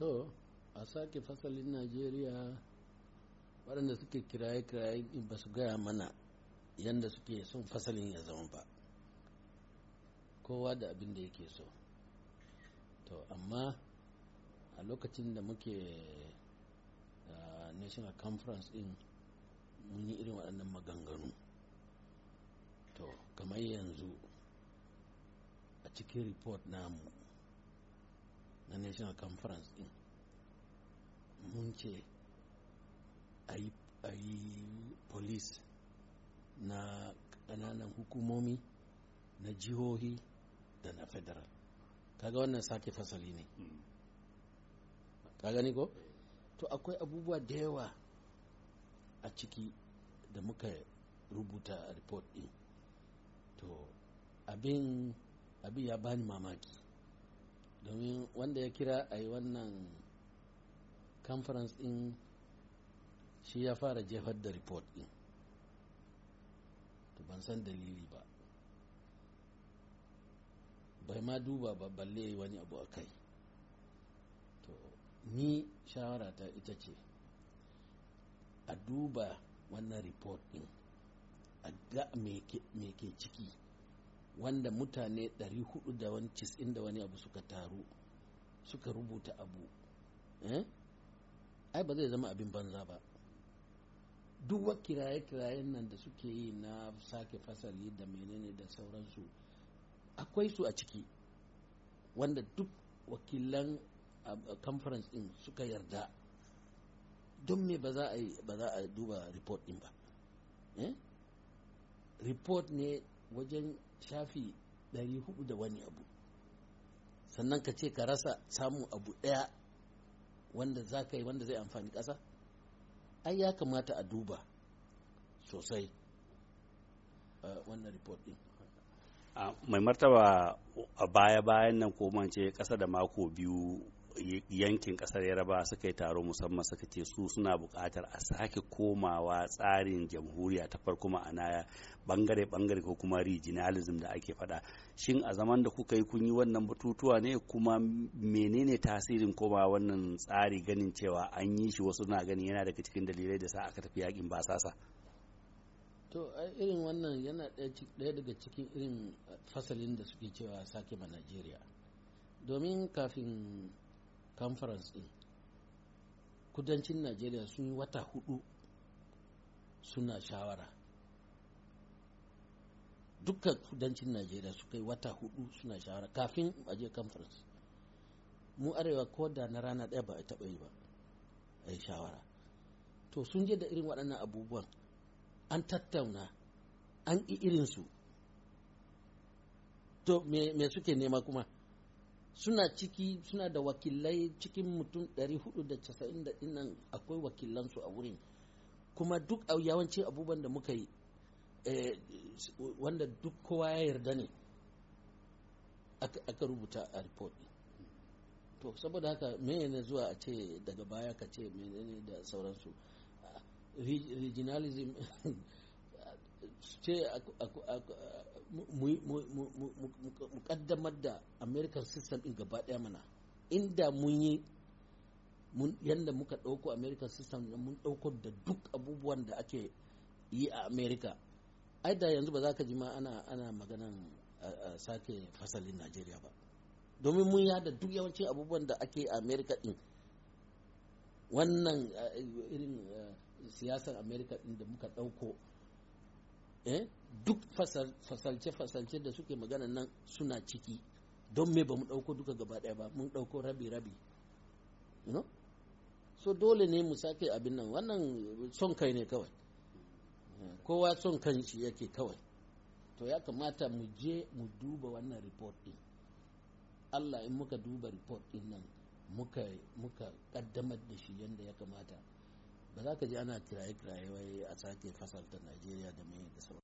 to a sake fasalin najeriya waɗanda suke kiraye-kiraye ba su gaya mana yadda suke son fasalin ya zama ba kowa da abin da yake so to amma a lokacin da muke national conference din mun yi irin waɗannan maganganu to kamar yanzu a cikin report namu na national conference din mun ce a yi police na ƙananan hukumomi na jihohi da na federal kaga wannan sake fasali ne hmm. ka gani ko to akwai abubuwa da yawa a ciki da muka rubuta a report din to abin abin ya bani mamaki domin wanda ya kira a yi wannan conference din shi ya fara jefar da report din to ban san dalili ba bai ma duba ba balle yi wani abu a kai to ni shawara ta ita ce a duba wannan report din a ga me ke ciki wanda mutane 400 da wani inda wani abu suka taru suka rubuta abu eh? ai ba zai zama abin banza ba duk wa kiraye-kirayen nan da suke yi na sake fasali da menene da sauransu akwai su a ciki wanda duk wakilan conference din suka yarda don me ba za a duba report din ba eh? report ne wajen shafi hudu da wani abu sannan ka ce ka rasa samun abu ɗaya wanda za ka yi wanda zai amfani ƙasa ai ya kamata a duba sosai eh, wannan report din mai martaba a baya-bayan nan ko mance ƙasa da mako biyu yankin kasar yaraba suka yi taro musamman suka ce su suna bukatar a sake komawa tsarin jamhuriya ta farko ma'ana bangare-bangare ko kuma regionalism da ake faɗa shin a zaman da kuka yi kun yi wannan batutuwa ne kuma menene tasirin koma wannan tsari ganin cewa an yi shi wasu na ganin yana daga cikin dalilai da sa aka tafi yakin basasa to irin wannan yana daya daga cikin irin fasalin da suke cewa sake ma najeriya domin kafin conference din kudancin najeriya sun yi wata hudu suna shawara dukkan kudancin najeriya suka yi wata hudu suna shawara kafin a je conference mu arewa ko da na rana ɗaya ba a taɓa yi ba a yi shawara to sun je da irin waɗannan abubuwan an tattauna an ƙi irinsu to me suke nema kuma suna ciki suna da wakilai cikin mutum 490 dinnan akwai wakilansu a wurin kuma duk yawanci abubuwan da muka yi eh, wanda duk kowa ya yarda ne aka rubuta a report to saboda haka menene zuwa a ce daga baya ka ce menene da sauransu regionalism su ce mu kaddamar da american system din gaba daya mana inda mun yi yadda muka ɗauko american system mun ɗauko da duk abubuwan da ake yi a america ai da yanzu ba za ka ji ma ana ana maganan sake fasalin najeriya ba domin mun yada duk yawancin abubuwan da ake a america din wannan irin siyasar america din da muka ɗauko eh duk fasalce-fasalce da suke magana nan suna ciki don me ba mu ɗauko duka gaba ɗaya ba mun ɗauko rabi-rabi you so dole ne mu sake abin nan wannan son kai ne kawai eh, kowa son kan shi yake kawai to ya kamata mu je mu duba wannan report din allah in muka duba report din nan muka muka kaddamar da shi yadda ya kamata ba za ka ji ana kiraye-kiraye a sake fasalta najeriya da mai da sauran